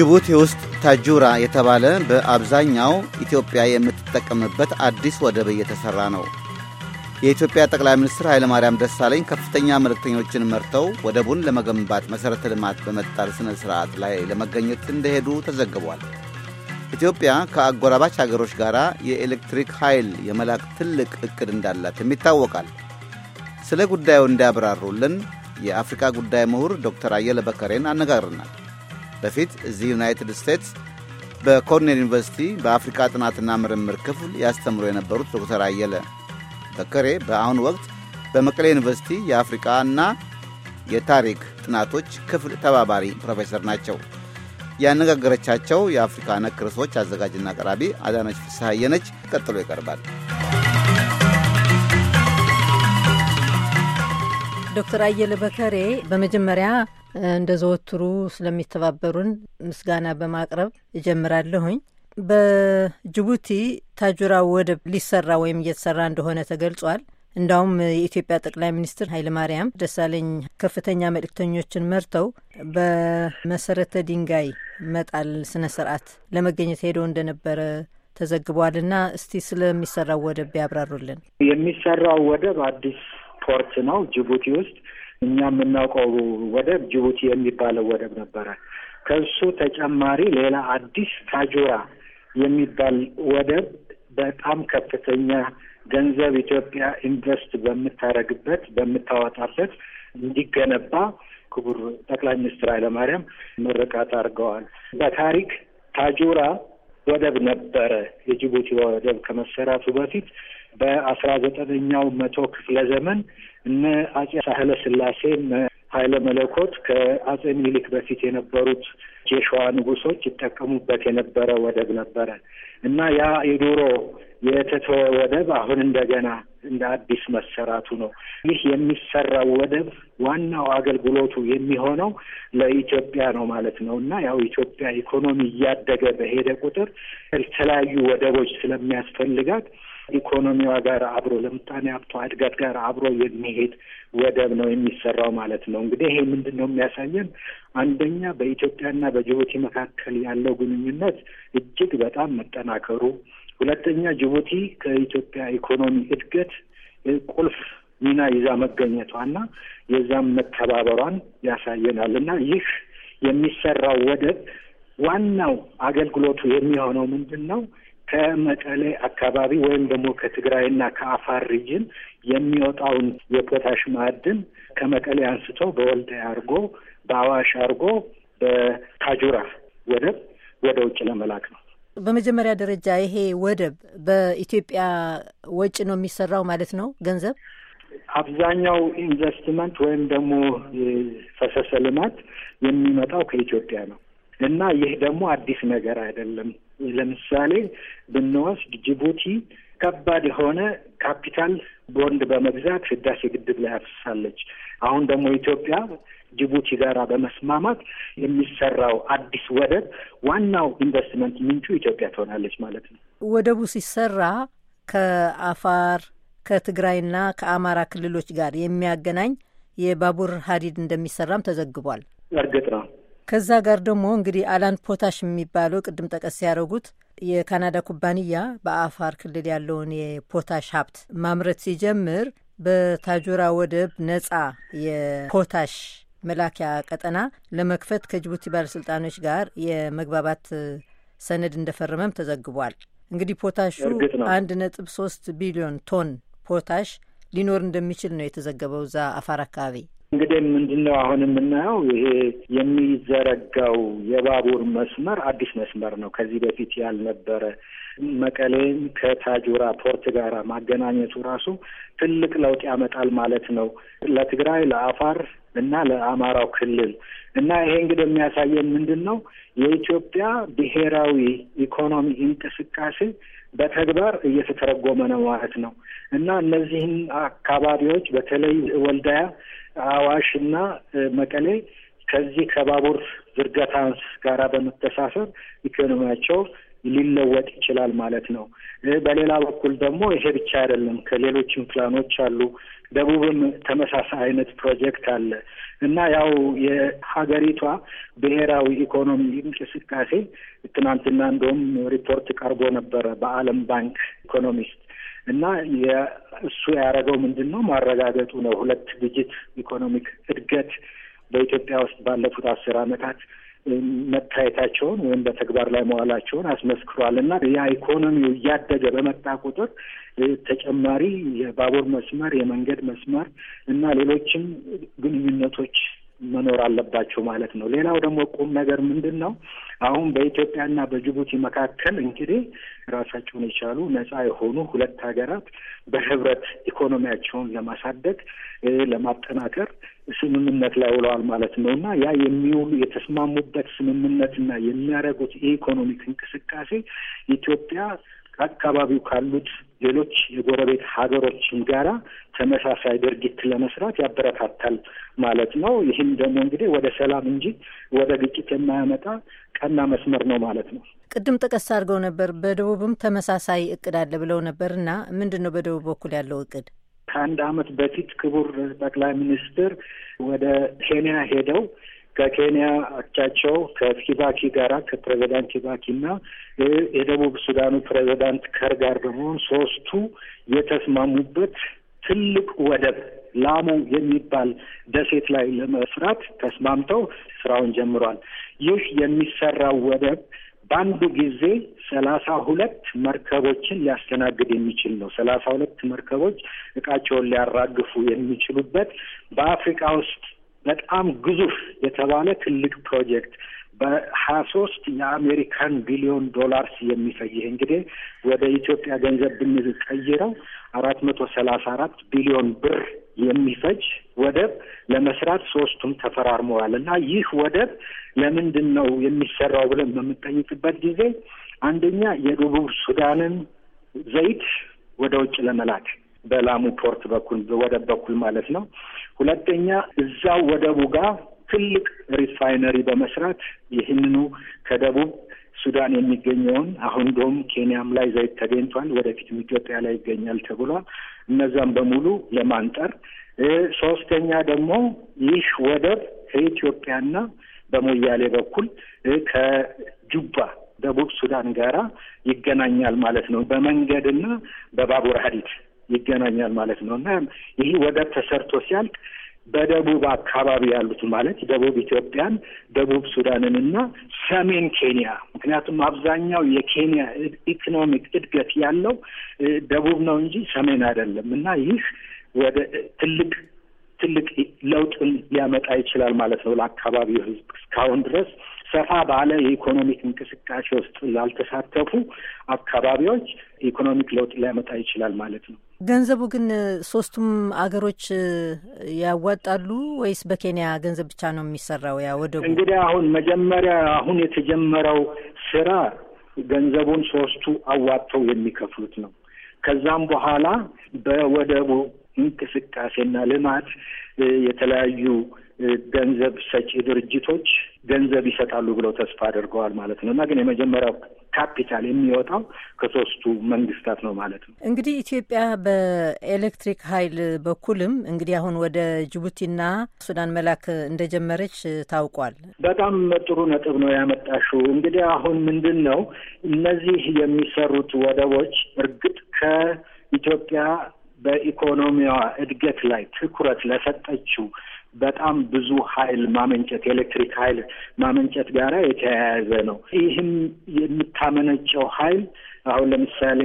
ጅቡቲ ውስጥ ታጁራ የተባለ በአብዛኛው ኢትዮጵያ የምትጠቀምበት አዲስ ወደብ እየተሠራ ነው። የኢትዮጵያ ጠቅላይ ሚኒስትር ኃይለማርያም ደሳለኝ ከፍተኛ መልእክተኞችን መርተው ወደቡን ለመገንባት መሠረተ ልማት በመጣል ሥነ ሥርዓት ላይ ለመገኘት እንደሄዱ ተዘግቧል። ኢትዮጵያ ከአጎራባች አገሮች ጋር የኤሌክትሪክ ኃይል የመላክ ትልቅ ዕቅድ እንዳላትም ይታወቃል። ስለ ጉዳዩ እንዲያብራሩልን የአፍሪካ ጉዳይ ምሁር ዶክተር አየለ በከሬን አነጋግርናል። በፊት እዚህ ዩናይትድ ስቴትስ በኮርኔል ዩኒቨርሲቲ በአፍሪካ ጥናትና ምርምር ክፍል ያስተምሩ የነበሩት ዶክተር አየለ በከሬ በአሁኑ ወቅት በመቀሌ ዩኒቨርሲቲ የአፍሪካና የታሪክ ጥናቶች ክፍል ተባባሪ ፕሮፌሰር ናቸው። ያነጋገረቻቸው የአፍሪካ ነክ ርዕሶች አዘጋጅና አቅራቢ አዳነች ፍስሐየነች ቀጥሎ ይቀርባል። ዶክተር አየለ በከሬ በመጀመሪያ እንደ ዘወትሩ ስለሚተባበሩን ምስጋና በማቅረብ እጀምራለሁኝ። በጅቡቲ ታጁራ ወደብ ሊሰራ ወይም እየተሰራ እንደሆነ ተገልጿል። እንዳውም የኢትዮጵያ ጠቅላይ ሚኒስትር ኃይለማርያም ደሳለኝ ከፍተኛ መልእክተኞችን መርተው በመሰረተ ድንጋይ መጣል ስነ ስርዓት ለመገኘት ሄደው እንደነበረ ተዘግቧል እና እስቲ ስለሚሰራው ወደብ ያብራሩልን። የሚሰራው ወደብ አዲስ ፖርት ነው ጅቡቲ ውስጥ። እኛ የምናውቀው ወደብ ጅቡቲ የሚባለው ወደብ ነበረ። ከሱ ተጨማሪ ሌላ አዲስ ታጆራ የሚባል ወደብ በጣም ከፍተኛ ገንዘብ ኢትዮጵያ ኢንቨስት በምታደርግበት በምታወጣበት እንዲገነባ ክቡር ጠቅላይ ሚኒስትር ኃይለማርያም ምርቃት አድርገዋል። በታሪክ ታጆራ ወደብ ነበረ። የጅቡቲ ወደብ ከመሰራቱ በፊት በአስራ ዘጠነኛው መቶ ክፍለ ዘመን እነ አጼ ሳህለ ስላሴ ኃይለ መለኮት ከአጼ ሚኒሊክ በፊት የነበሩት የሸዋ ንጉሶች ይጠቀሙበት የነበረ ወደብ ነበረ እና ያ የዱሮ የተተወ ወደብ አሁን እንደገና እንደ አዲስ መሰራቱ ነው። ይህ የሚሰራው ወደብ ዋናው አገልግሎቱ የሚሆነው ለኢትዮጵያ ነው ማለት ነው እና ያው ኢትዮጵያ ኢኮኖሚ እያደገ በሄደ ቁጥር የተለያዩ ወደቦች ስለሚያስፈልጋት ኢኮኖሚዋ ጋር አብሮ ለምጣኔ ሀብቷ እድገት ጋር አብሮ የሚሄድ ወደብ ነው የሚሰራው ማለት ነው። እንግዲህ ይሄ ምንድን ነው የሚያሳየን? አንደኛ በኢትዮጵያና በጅቡቲ መካከል ያለው ግንኙነት እጅግ በጣም መጠናከሩ፣ ሁለተኛ ጅቡቲ ከኢትዮጵያ ኢኮኖሚ እድገት ቁልፍ ሚና ይዛ መገኘቷና የዛም መተባበሯን ያሳየናል እና ይህ የሚሰራው ወደብ ዋናው አገልግሎቱ የሚሆነው ምንድን ነው? ከመቀሌ አካባቢ ወይም ደግሞ ከትግራይና ከአፋር ሪጅን የሚወጣውን የፖታሽ ማዕድን ከመቀሌ አንስቶ በወልዲያ አርጎ በአዋሽ አድርጎ በታጁራ ወደብ ወደ ውጭ ለመላክ ነው። በመጀመሪያ ደረጃ ይሄ ወደብ በኢትዮጵያ ወጪ ነው የሚሰራው ማለት ነው ገንዘብ አብዛኛው ኢንቨስትመንት ወይም ደግሞ ፈሰሰ ልማት የሚመጣው ከኢትዮጵያ ነው እና ይህ ደግሞ አዲስ ነገር አይደለም። ለምሳሌ ብንወስድ ጅቡቲ ከባድ የሆነ ካፒታል ቦንድ በመግዛት ህዳሴ ግድብ ላይ አፍሳለች። አሁን ደግሞ ኢትዮጵያ ጅቡቲ ጋራ በመስማማት የሚሰራው አዲስ ወደብ ዋናው ኢንቨስትመንት ምንጩ ኢትዮጵያ ትሆናለች ማለት ነው። ወደቡ ሲሰራ ከአፋር ከትግራይና ከአማራ ክልሎች ጋር የሚያገናኝ የባቡር ሀዲድ እንደሚሰራም ተዘግቧል። እርግጥ ነው። ከዛ ጋር ደግሞ እንግዲህ አላን ፖታሽ የሚባለው ቅድም ጠቀስ ያደረጉት የካናዳ ኩባንያ በአፋር ክልል ያለውን የፖታሽ ሀብት ማምረት ሲጀምር በታጆራ ወደብ ነጻ የፖታሽ መላኪያ ቀጠና ለመክፈት ከጅቡቲ ባለስልጣኖች ጋር የመግባባት ሰነድ እንደፈረመም ተዘግቧል። እንግዲህ ፖታሹ አንድ ነጥብ ሶስት ቢሊዮን ቶን ፖታሽ ሊኖር እንደሚችል ነው የተዘገበው እዛ አፋር አካባቢ እንግዲህ ምንድነው አሁን የምናየው ይሄ የሚዘረጋው የባቡር መስመር አዲስ መስመር ነው። ከዚህ በፊት ያልነበረ መቀሌን ከታጁራ ፖርት ጋር ማገናኘቱ ራሱ ትልቅ ለውጥ ያመጣል ማለት ነው። ለትግራይ፣ ለአፋር፣ እና ለአማራው ክልል እና ይሄ እንግዲህ የሚያሳየን ምንድን ነው የኢትዮጵያ ብሔራዊ ኢኮኖሚ እንቅስቃሴ በተግባር እየተተረጎመ ነው ማለት ነው እና እነዚህን አካባቢዎች በተለይ ወልዳያ፣ አዋሽ እና መቀሌ ከዚህ ከባቡር ዝርጋታ ጋራ በመተሳሰር ኢኮኖሚያቸው ሊለወጥ ይችላል ማለት ነው። በሌላ በኩል ደግሞ ይሄ ብቻ አይደለም፣ ከሌሎችም ፕላኖች አሉ። ደቡብም ተመሳሳይ አይነት ፕሮጀክት አለ እና ያው የሀገሪቷ ብሔራዊ ኢኮኖሚ እንቅስቃሴ ትናንትና እንደውም ሪፖርት ቀርቦ ነበረ በዓለም ባንክ ኢኮኖሚስት እና እሱ ያደረገው ምንድን ነው ማረጋገጡ ነው። ሁለት ዲጂት ኢኮኖሚክ እድገት በኢትዮጵያ ውስጥ ባለፉት አስር አመታት? መታየታቸውን ወይም በተግባር ላይ መዋላቸውን አስመስክሯል እና ያ ኢኮኖሚው እያደገ በመጣ ቁጥር ተጨማሪ የባቡር መስመር፣ የመንገድ መስመር እና ሌሎችም ግንኙነቶች መኖር አለባቸው ማለት ነው። ሌላው ደግሞ ቁም ነገር ምንድን ነው? አሁን በኢትዮጵያና በጅቡቲ መካከል እንግዲህ ራሳቸውን የቻሉ ነጻ የሆኑ ሁለት ሀገራት በህብረት ኢኮኖሚያቸውን ለማሳደግ ለማጠናከር ስምምነት ላይ ውለዋል ማለት ነው እና ያ የሚውሉ የተስማሙበት ስምምነትና የሚያደርጉት የኢኮኖሚክ እንቅስቃሴ ኢትዮጵያ አካባቢው ካሉት ሌሎች የጎረቤት ሀገሮችም ጋራ ተመሳሳይ ድርጊት ለመስራት ያበረታታል ማለት ነው። ይህም ደግሞ እንግዲህ ወደ ሰላም እንጂ ወደ ግጭት የማያመጣ ቀና መስመር ነው ማለት ነው። ቅድም ጠቀስ አድርገው ነበር፣ በደቡብም ተመሳሳይ እቅድ አለ ብለው ነበር እና ምንድን ነው በደቡብ በኩል ያለው እቅድ? ከአንድ አመት በፊት ክቡር ጠቅላይ ሚኒስትር ወደ ኬንያ ሄደው ከኬንያ አቻቸው ከኪባኪ ጋር ከፕሬዚዳንት ኪባኪ እና የደቡብ ሱዳኑ ፕሬዚዳንት ከር ጋር በመሆን ሶስቱ የተስማሙበት ትልቅ ወደብ ላሙ የሚባል ደሴት ላይ ለመስራት ተስማምተው ስራውን ጀምሯል። ይህ የሚሰራው ወደብ በአንድ ጊዜ ሰላሳ ሁለት መርከቦችን ሊያስተናግድ የሚችል ነው። ሰላሳ ሁለት መርከቦች እቃቸውን ሊያራግፉ የሚችሉበት በአፍሪካ ውስጥ በጣም ግዙፍ የተባለ ትልቅ ፕሮጀክት በሀያ ሶስት የአሜሪካን ቢሊዮን ዶላርስ የሚፈጅ ይህ እንግዲህ ወደ ኢትዮጵያ ገንዘብ ብንቀይረው አራት መቶ ሰላሳ አራት ቢሊዮን ብር የሚፈጅ ወደብ ለመስራት ሶስቱም ተፈራርመዋል። እና ይህ ወደብ ለምንድን ነው የሚሰራው ብለን በምንጠይቅበት ጊዜ አንደኛ የደቡብ ሱዳንን ዘይት ወደ ውጭ ለመላክ በላሙ ፖርት በኩል ወደብ በኩል ማለት ነው። ሁለተኛ እዛው ወደቡ ጋር ትልቅ ሪፋይነሪ በመስራት ይህንኑ ከደቡብ ሱዳን የሚገኘውን አሁን ዶም ኬንያም ላይ ዘይት ተገኝቷል። ወደፊትም ኢትዮጵያ ላይ ይገኛል ተብሏል። እነዛም በሙሉ ለማንጠር ሶስተኛ ደግሞ ይህ ወደብ ከኢትዮጵያና በሞያሌ በኩል ከጁባ ደቡብ ሱዳን ጋራ ይገናኛል ማለት ነው በመንገድና በባቡር ሀዲድ ይገናኛል ማለት ነው እና ይህ ወደብ ተሰርቶ ሲያልቅ በደቡብ አካባቢ ያሉት ማለት ደቡብ ኢትዮጵያን፣ ደቡብ ሱዳንን እና ሰሜን ኬንያ ምክንያቱም አብዛኛው የኬንያ ኢኮኖሚክ እድገት ያለው ደቡብ ነው እንጂ ሰሜን አይደለም እና ይህ ወደ ትልቅ ትልቅ ለውጥን ሊያመጣ ይችላል ማለት ነው ለአካባቢው ህዝብ እስካሁን ድረስ ሰፋ ባለ የኢኮኖሚክ እንቅስቃሴ ውስጥ ላልተሳተፉ አካባቢዎች ኢኮኖሚክ ለውጥ ሊያመጣ ይችላል ማለት ነው። ገንዘቡ ግን ሶስቱም አገሮች ያዋጣሉ ወይስ በኬንያ ገንዘብ ብቻ ነው የሚሰራው? ያ ወደቡ እንግዲህ አሁን መጀመሪያ አሁን የተጀመረው ስራ ገንዘቡን ሶስቱ አዋጥተው የሚከፍሉት ነው። ከዛም በኋላ በወደቡ እንቅስቃሴና ልማት የተለያዩ ገንዘብ ሰጪ ድርጅቶች ገንዘብ ይሰጣሉ ብለው ተስፋ አድርገዋል ማለት ነው እና ግን የመጀመሪያው ካፒታል የሚወጣው ከሶስቱ መንግስታት ነው ማለት ነው። እንግዲህ ኢትዮጵያ በኤሌክትሪክ ኃይል በኩልም እንግዲህ አሁን ወደ ጅቡቲና ሱዳን መላክ እንደጀመረች ታውቋል። በጣም ጥሩ ነጥብ ነው ያመጣሽው። እንግዲህ አሁን ምንድን ነው እነዚህ የሚሰሩት ወደቦች እርግጥ ከኢትዮጵያ በኢኮኖሚዋ እድገት ላይ ትኩረት ለሰጠችው በጣም ብዙ ኃይል ማመንጨት የኤሌክትሪክ ኃይል ማመንጨት ጋር የተያያዘ ነው። ይህም የምታመነጨው ኃይል አሁን ለምሳሌ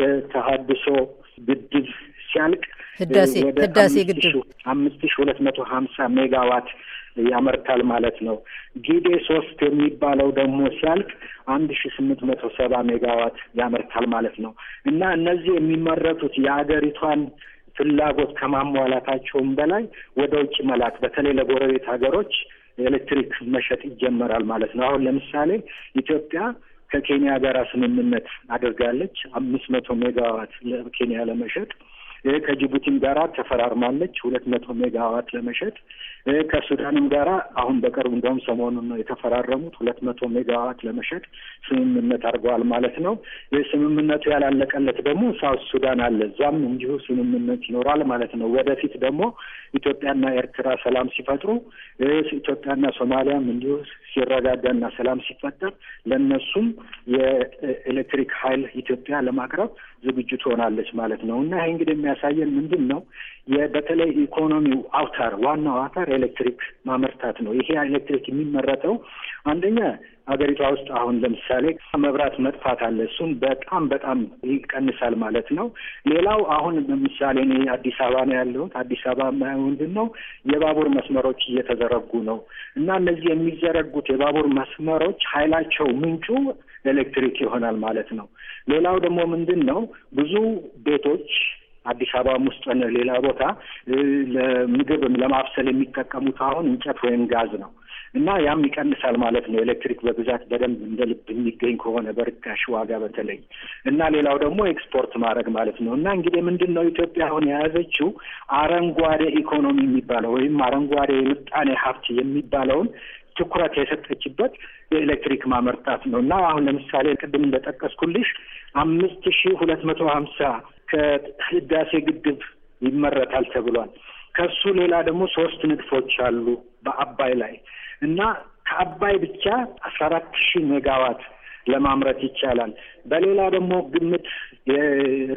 የተሀድሶ ግድብ ሲያልቅ ህዳሴ ህዳሴ ግድብ አምስት ሺ ሁለት መቶ ሀምሳ ሜጋዋት ያመርታል ማለት ነው። ጊዴ ሶስት የሚባለው ደግሞ ሲያልቅ አንድ ሺ ስምንት መቶ ሰባ ሜጋዋት ያመርታል ማለት ነው እና እነዚህ የሚመረቱት የአገሪቷን ፍላጎት ከማሟላታቸውም በላይ ወደ ውጭ መላክ በተለይ ለጎረቤት ሀገሮች ኤሌክትሪክ መሸጥ ይጀመራል ማለት ነው። አሁን ለምሳሌ ኢትዮጵያ ከኬንያ ጋር ስምምነት አድርጋለች። አምስት መቶ ሜጋዋት ለኬንያ ለመሸጥ ከጅቡቲም ጋራ ተፈራርማለች ሁለት መቶ ሜጋዋት ለመሸጥ ከሱዳንም ጋራ አሁን በቅርቡ እንደውም ሰሞኑን ነው የተፈራረሙት ሁለት መቶ ሜጋዋት ለመሸጥ ስምምነት አድርገዋል ማለት ነው። ስምምነቱ ያላለቀለት ደግሞ ሳውት ሱዳን አለ። እዛም እንዲሁ ስምምነት ይኖራል ማለት ነው። ወደፊት ደግሞ ኢትዮጵያና ኤርትራ ሰላም ሲፈጥሩ፣ ኢትዮጵያና ሶማሊያም እንዲሁ ሲረጋጋና ሰላም ሲፈጠር ለእነሱም የኤሌክትሪክ ኃይል ኢትዮጵያ ለማቅረብ ዝግጁ ትሆናለች ማለት ነው እና ይህ እንግዲህ የሚያሳየን ምንድን ነው? በተለይ ኢኮኖሚው አውታር ዋናው አውታር ኤሌክትሪክ ማመርታት ነው። ይሄ ኤሌክትሪክ የሚመረተው አንደኛ ሀገሪቷ ውስጥ አሁን ለምሳሌ መብራት መጥፋት አለ። እሱም በጣም በጣም ይቀንሳል ማለት ነው። ሌላው አሁን ለምሳሌ እኔ አዲስ አበባ ነው ያለሁት። አዲስ አበባ ምንድን ነው የባቡር መስመሮች እየተዘረጉ ነው እና እነዚህ የሚዘረጉት የባቡር መስመሮች ኃይላቸው ምንጩ ኤሌክትሪክ ይሆናል ማለት ነው። ሌላው ደግሞ ምንድን ነው ብዙ ቤቶች አዲስ አበባም ውስጥ ሆነ ሌላ ቦታ ለምግብ ለማብሰል የሚጠቀሙት አሁን እንጨት ወይም ጋዝ ነው እና ያም ይቀንሳል ማለት ነው። ኤሌክትሪክ በብዛት በደንብ እንደ ልብ የሚገኝ ከሆነ በርካሽ ዋጋ በተለይ እና ሌላው ደግሞ ኤክስፖርት ማድረግ ማለት ነው። እና እንግዲህ ምንድን ነው ኢትዮጵያ አሁን የያዘችው አረንጓዴ ኢኮኖሚ የሚባለው ወይም አረንጓዴ የምጣኔ ሀብት የሚባለውን ትኩረት የሰጠችበት የኤሌክትሪክ ማመርታት ነው እና አሁን ለምሳሌ ቅድም እንደጠቀስኩልሽ አምስት ሺህ ሁለት መቶ ሀምሳ ከህዳሴ ግድብ ይመረታል ተብሏል። ከሱ ሌላ ደግሞ ሶስት ንድፎች አሉ በአባይ ላይ እና ከአባይ ብቻ አስራ አራት ሺህ ሜጋዋት ለማምረት ይቻላል። በሌላ ደግሞ ግምት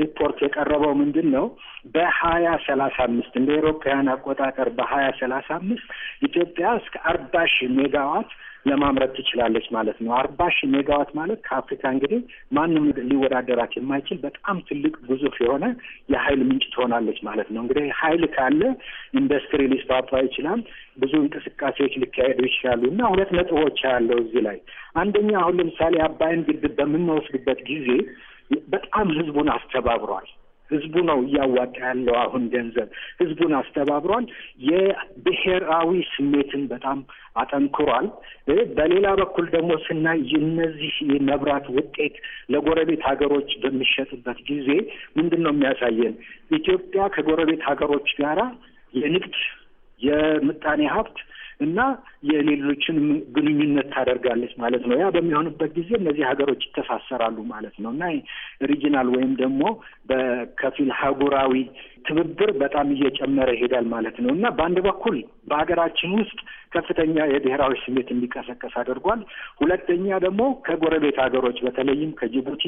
ሪፖርት የቀረበው ምንድን ነው? በሀያ ሰላሳ አምስት እንደ ኤሮፓውያን አቆጣጠር በሀያ ሰላሳ አምስት ኢትዮጵያ እስከ አርባ ሺህ ሜጋዋት ለማምረት ትችላለች ማለት ነው። አርባ ሺህ ሜጋዋት ማለት ከአፍሪካ እንግዲህ ማንም ሊወዳደራት የማይችል በጣም ትልቅ ግዙፍ የሆነ የሀይል ምንጭ ትሆናለች ማለት ነው። እንግዲህ ሀይል ካለ ኢንዱስትሪ ሊስፋፋ ይችላል፣ ብዙ እንቅስቃሴዎች ሊካሄዱ ይችላሉ እና ሁለት ነጥቦች ያለው እዚህ ላይ አንደኛ፣ አሁን ለምሳሌ አባይን ግድብ በምንወስድበት ጊዜ በጣም ህዝቡን አስተባብሯል። ህዝቡ ነው እያዋጣ ያለው አሁን ገንዘብ ህዝቡን አስተባብሯል። የብሔራዊ ስሜትን በጣም አጠንክሯል። በሌላ በኩል ደግሞ ስናይ የነዚህ የመብራት ውጤት ለጎረቤት ሀገሮች በሚሸጥበት ጊዜ ምንድን ነው የሚያሳየን? ኢትዮጵያ ከጎረቤት ሀገሮች ጋራ የንግድ የምጣኔ ሀብት እና የሌሎችን ግንኙነት ታደርጋለች ማለት ነው። ያ በሚሆንበት ጊዜ እነዚህ ሀገሮች ይተሳሰራሉ ማለት ነው እና ሪጂናል ወይም ደግሞ በከፊል ሀጉራዊ ትብብር በጣም እየጨመረ ይሄዳል ማለት ነው እና በአንድ በኩል በሀገራችን ውስጥ ከፍተኛ የብሔራዊ ስሜት እንዲቀሰቀስ አድርጓል። ሁለተኛ ደግሞ ከጎረቤት ሀገሮች በተለይም ከጅቡቲ፣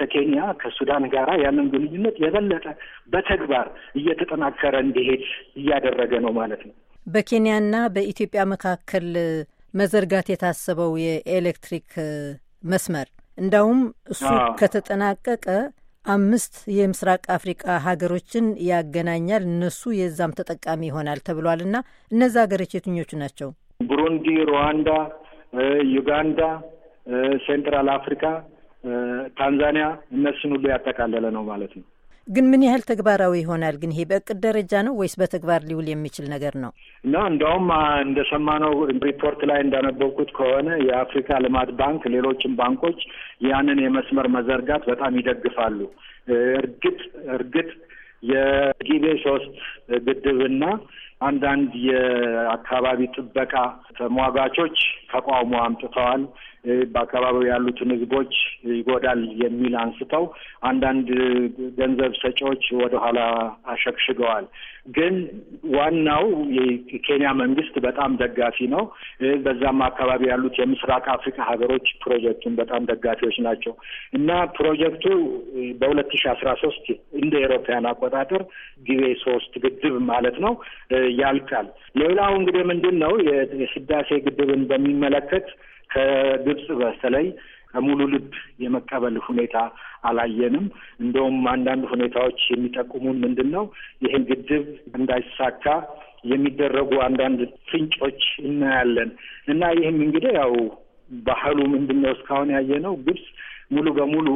ከኬንያ፣ ከሱዳን ጋራ ያንን ግንኙነት የበለጠ በተግባር እየተጠናከረ እንዲሄድ እያደረገ ነው ማለት ነው። በኬንያና በኢትዮጵያ መካከል መዘርጋት የታሰበው የኤሌክትሪክ መስመር እንዳውም እሱ ከተጠናቀቀ አምስት የምስራቅ አፍሪቃ ሀገሮችን ያገናኛል። እነሱ የዛም ተጠቃሚ ይሆናል ተብሏል። እና እነዚ ሀገሮች የትኞቹ ናቸው? ቡሩንዲ፣ ሩዋንዳ፣ ዩጋንዳ፣ ሴንትራል አፍሪካ፣ ታንዛኒያ እነሱን ሁሉ ያጠቃለለ ነው ማለት ነው። ግን ምን ያህል ተግባራዊ ይሆናል? ግን ይሄ በእቅድ ደረጃ ነው ወይስ በተግባር ሊውል የሚችል ነገር ነው? እና እንደውም እንደሰማነው ሪፖርት ላይ እንዳነበብኩት ከሆነ የአፍሪካ ልማት ባንክ፣ ሌሎችም ባንኮች ያንን የመስመር መዘርጋት በጣም ይደግፋሉ። እርግጥ እርግጥ የጊቤ ሶስት ግድብና አንዳንድ የአካባቢ ጥበቃ ተሟጋቾች ተቃውሞ አምጥተዋል። በአካባቢው ያሉትን ህዝቦች ይጎዳል የሚል አንስተው አንዳንድ ገንዘብ ሰጪዎች ወደኋላ አሸግሽገዋል። ግን ዋናው የኬንያ መንግስት በጣም ደጋፊ ነው። በዛም አካባቢ ያሉት የምስራቅ አፍሪካ ሀገሮች ፕሮጀክቱን በጣም ደጋፊዎች ናቸው እና ፕሮጀክቱ በሁለት ሺ አስራ ሶስት እንደ ኤሮፓያን አቆጣጠር ጊቤ ሶስት ግድብ ማለት ነው ያልቃል። ሌላው እንግዲህ ምንድን ነው የህዳሴ ግድብን በሚመለከት ከግብጽ በተለይ ከሙሉ ልብ የመቀበል ሁኔታ አላየንም። እንደውም አንዳንድ ሁኔታዎች የሚጠቁሙን ምንድን ነው ይህን ግድብ እንዳይሳካ የሚደረጉ አንዳንድ ፍንጮች እናያለን እና ይህም እንግዲህ ያው ባህሉ ምንድን ነው እስካሁን ያየነው ግብጽ ሙሉ በሙሉ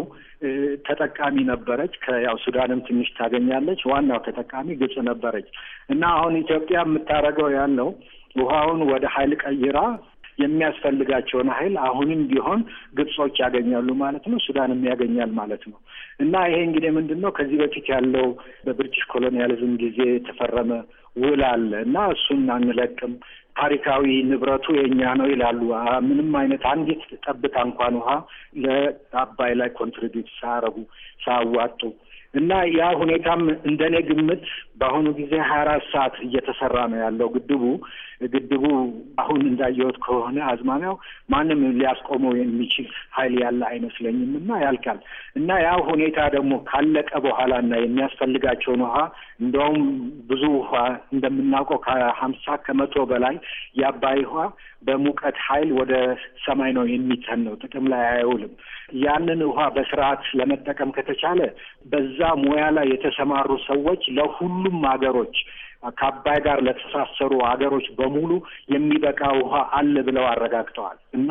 ተጠቃሚ ነበረች። ከያው ሱዳንም ትንሽ ታገኛለች። ዋናው ተጠቃሚ ግብጽ ነበረች እና አሁን ኢትዮጵያ የምታደርገው ያን ነው ውሃውን ወደ ኃይል ቀይራ የሚያስፈልጋቸውን ኃይል አሁንም ቢሆን ግብጾች ያገኛሉ ማለት ነው። ሱዳንም ያገኛል ማለት ነው። እና ይሄ እንግዲህ ምንድን ነው ከዚህ በፊት ያለው በብሪቲሽ ኮሎኒያሊዝም ጊዜ የተፈረመ ውል አለ እና እሱን አንለቅም ታሪካዊ ንብረቱ የኛ ነው ይላሉ። ምንም አይነት አንዲት ጠብታ እንኳን ውሃ ለአባይ ላይ ኮንትሪቢዩት ሳያረጉ ሳያዋጡ እና ያ ሁኔታም እንደኔ ግምት በአሁኑ ጊዜ ሀያ አራት ሰዓት እየተሰራ ነው ያለው ግድቡ ግድቡ አሁን እንዳየወት ከሆነ አዝማሚያው ማንም ሊያስቆመው የሚችል ኃይል ያለ አይመስለኝም እና ያልቃል እና ያ ሁኔታ ደግሞ ካለቀ በኋላ እና የሚያስፈልጋቸውን ውሃ እንደውም ብዙ ውሃ እንደምናውቀው ከሀምሳ ከመቶ በላይ የአባይ ውሃ በሙቀት ኃይል ወደ ሰማይ ነው ነው ጥቅም ላይ አይውልም። ያንን ውሃ በስርዓት ለመጠቀም ከተቻለ በዛ ሙያ ላይ የተሰማሩ ሰዎች ለሁሉም ሀገሮች ከአባይ ጋር ለተሳሰሩ ሀገሮች በሙሉ የሚበቃ ውሃ አለ ብለው አረጋግጠዋል። እና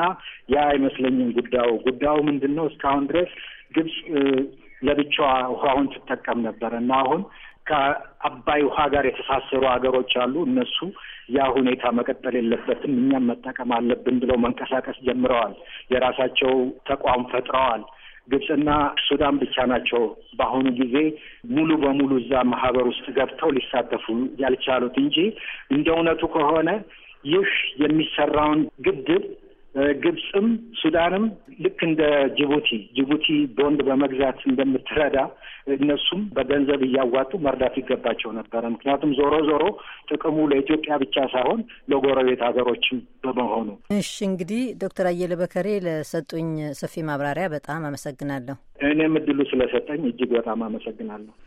ያ አይመስለኝም ጉዳዩ። ጉዳዩ ምንድን ነው? እስካሁን ድረስ ግብጽ ለብቻዋ ውሃውን ትጠቀም ነበር እና አሁን ከአባይ ውሃ ጋር የተሳሰሩ ሀገሮች አሉ። እነሱ ያ ሁኔታ መቀጠል የለበትም እኛም መጠቀም አለብን ብለው መንቀሳቀስ ጀምረዋል። የራሳቸው ተቋም ፈጥረዋል። ግብፅና ሱዳን ብቻ ናቸው በአሁኑ ጊዜ ሙሉ በሙሉ እዛ ማህበር ውስጥ ገብተው ሊሳተፉ ያልቻሉት እንጂ እንደ እውነቱ ከሆነ ይህ የሚሰራውን ግድብ ግብፅም ሱዳንም ልክ እንደ ጅቡቲ ጅቡቲ ቦንድ በመግዛት እንደምትረዳ እነሱም በገንዘብ እያዋጡ መርዳት ይገባቸው ነበረ። ምክንያቱም ዞሮ ዞሮ ጥቅሙ ለኢትዮጵያ ብቻ ሳይሆን ለጎረቤት ሀገሮችም በመሆኑ። እሺ እንግዲህ ዶክተር አየለ በከሬ ለሰጡኝ ሰፊ ማብራሪያ በጣም አመሰግናለሁ። እኔም እድሉ ስለሰጠኝ እጅግ በጣም አመሰግናለሁ።